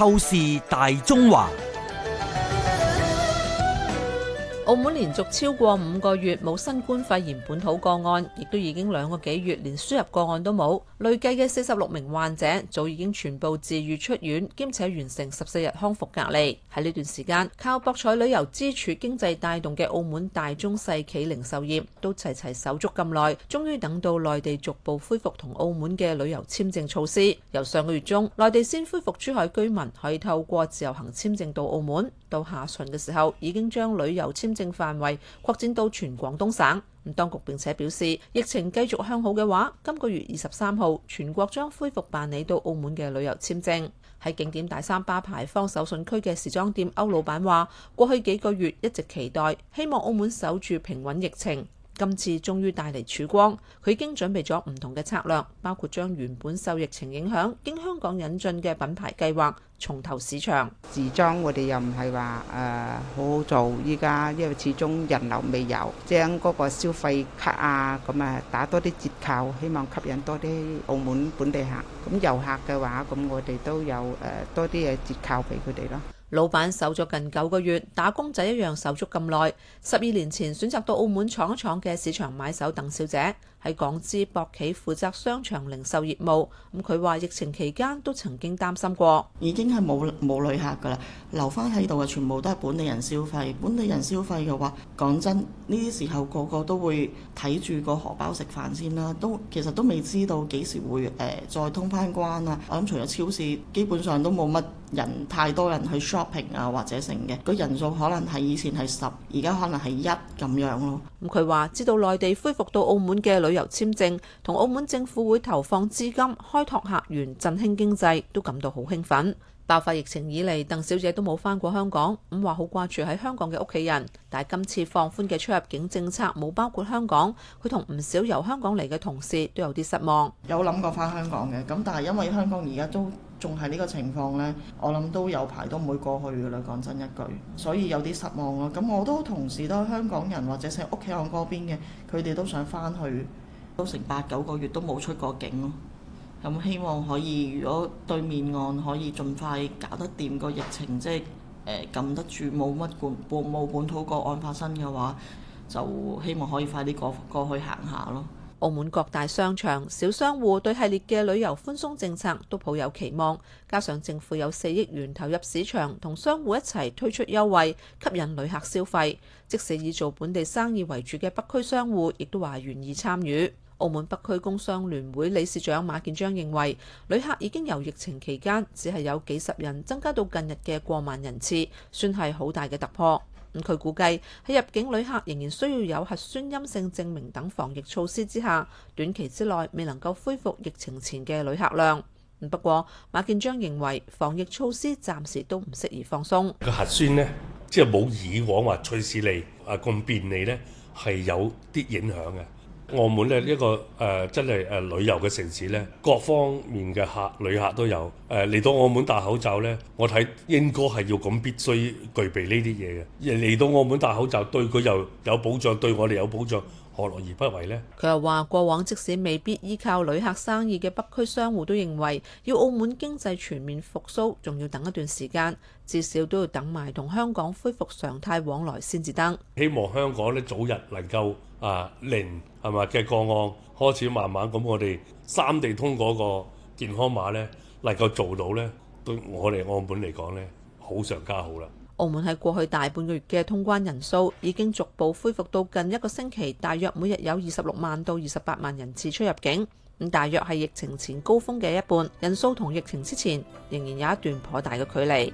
透視大中華。澳門連續超過五個月冇新冠肺炎本土個案，亦都已經兩個幾月連輸入個案都冇。累計嘅四十六名患者早已經全部治愈出院，兼且完成十四日康復隔離。喺呢段時間，靠博彩旅遊支柱經濟帶動嘅澳門大中細企零售業都齊齊手足咁耐，終於等到內地逐步恢復同澳門嘅旅遊簽證措施。由上個月中，內地先恢復珠海居民可以透過自由行簽證到澳門，到下旬嘅時候已經將旅遊簽證。範圍擴展到全廣東省，咁當局並且表示，疫情繼續向好嘅話，今個月二十三號全國將恢復辦理到澳門嘅旅遊簽證。喺景點大三巴牌坊手信區嘅時裝店歐老闆話，過去幾個月一直期待，希望澳門守住平穩疫情。今次終於帶嚟曙光，佢已經準備咗唔同嘅策略，包括將原本受疫情影響經香港引進嘅品牌計劃重投市場。時裝我哋又唔係話誒好好做，而家因為始終人流未有，將嗰個消費卡啊咁啊打多啲折扣，希望吸引多啲澳門本地客。咁遊客嘅話，咁我哋都有誒多啲嘅折扣俾佢哋咯。老闆守咗近九個月，打工仔一樣守足咁耐。十二年前選擇到澳門闖一闖嘅市場買手鄧小姐，喺港資博企負責商場零售業務，咁佢話疫情期間都曾經擔心過。已經係冇冇旅客㗎啦，留翻喺度嘅全部都係本地人消費。本地人消費嘅話，講真，呢啲時候個個都會睇住個荷包食飯先啦。都其實都未知道幾時會誒、呃、再通翻關啊！我諗除咗超市，基本上都冇乜人太多人去 shopping 啊或者成嘅，個人數可能係以前係十，而家可能係一咁樣咯。咁佢話，知道內地恢復到澳門嘅旅旅遊簽證同澳門政府會投放資金開拓客源振興經濟，都感到好興奮。爆發疫情以嚟，鄧小姐都冇翻過香港，咁話好掛住喺香港嘅屋企人。但係今次放寬嘅出入境政策冇包括香港，佢同唔少由香港嚟嘅同事都有啲失望。有諗過翻香港嘅，咁但係因為香港而家都仲係呢個情況呢，我諗都有排都唔會過去噶啦。講真一句，所以有啲失望咯。咁我都同時都香港人或者係屋企我嗰邊嘅，佢哋都想翻去。都成八九個月都冇出過境咯，咁希望可以。如果對面岸可以盡快搞得掂個疫情，即係誒撳得住，冇乜本冇本土個案發生嘅話，就希望可以快啲過過去行下咯。澳門各大商場小商戶對系列嘅旅遊寬鬆政策都抱有期望，加上政府有四億元投入市場，同商戶一齊推出優惠，吸引旅客消費。即使以做本地生意為主嘅北區商戶，亦都話願意參與。澳門北區工商聯會理事長馬建章認為，旅客已經由疫情期間只係有幾十人，增加到近日嘅過萬人次，算係好大嘅突破。咁佢估計喺入境旅客仍然需要有核酸陰性證明等防疫措施之下，短期之內未能夠恢復疫情前嘅旅客量。不過，馬建章認為防疫措施暫時都唔適宜放鬆。個核酸呢，即係冇以往話，趣事利啊，咁便利呢，係有啲影響嘅。澳門呢一個誒、呃、真係誒、呃、旅遊嘅城市呢，各方面嘅客旅客都有誒嚟、呃、到澳門戴口罩呢，我睇應該係要咁必須具備呢啲嘢嘅。嚟到澳門戴口罩對佢又有保障，對我哋有保障。何樂而不為呢？佢又話：過往即使未必依靠旅客生意嘅北區商戶都認為，要澳門經濟全面復甦，仲要等一段時間，至少都要等埋同香港恢復常態往來先至得。希望香港呢早日能夠啊零係咪？嘅個案開始慢慢咁，我哋三地通嗰個健康碼呢，能夠做到呢。對我哋澳門嚟講呢，好上加好啦。澳門喺過去大半個月嘅通關人數已經逐步恢復到近一個星期，大約每日有二十六萬到二十八萬人次出入境，咁大約係疫情前高峰嘅一半，人數同疫情之前仍然有一段頗大嘅距離。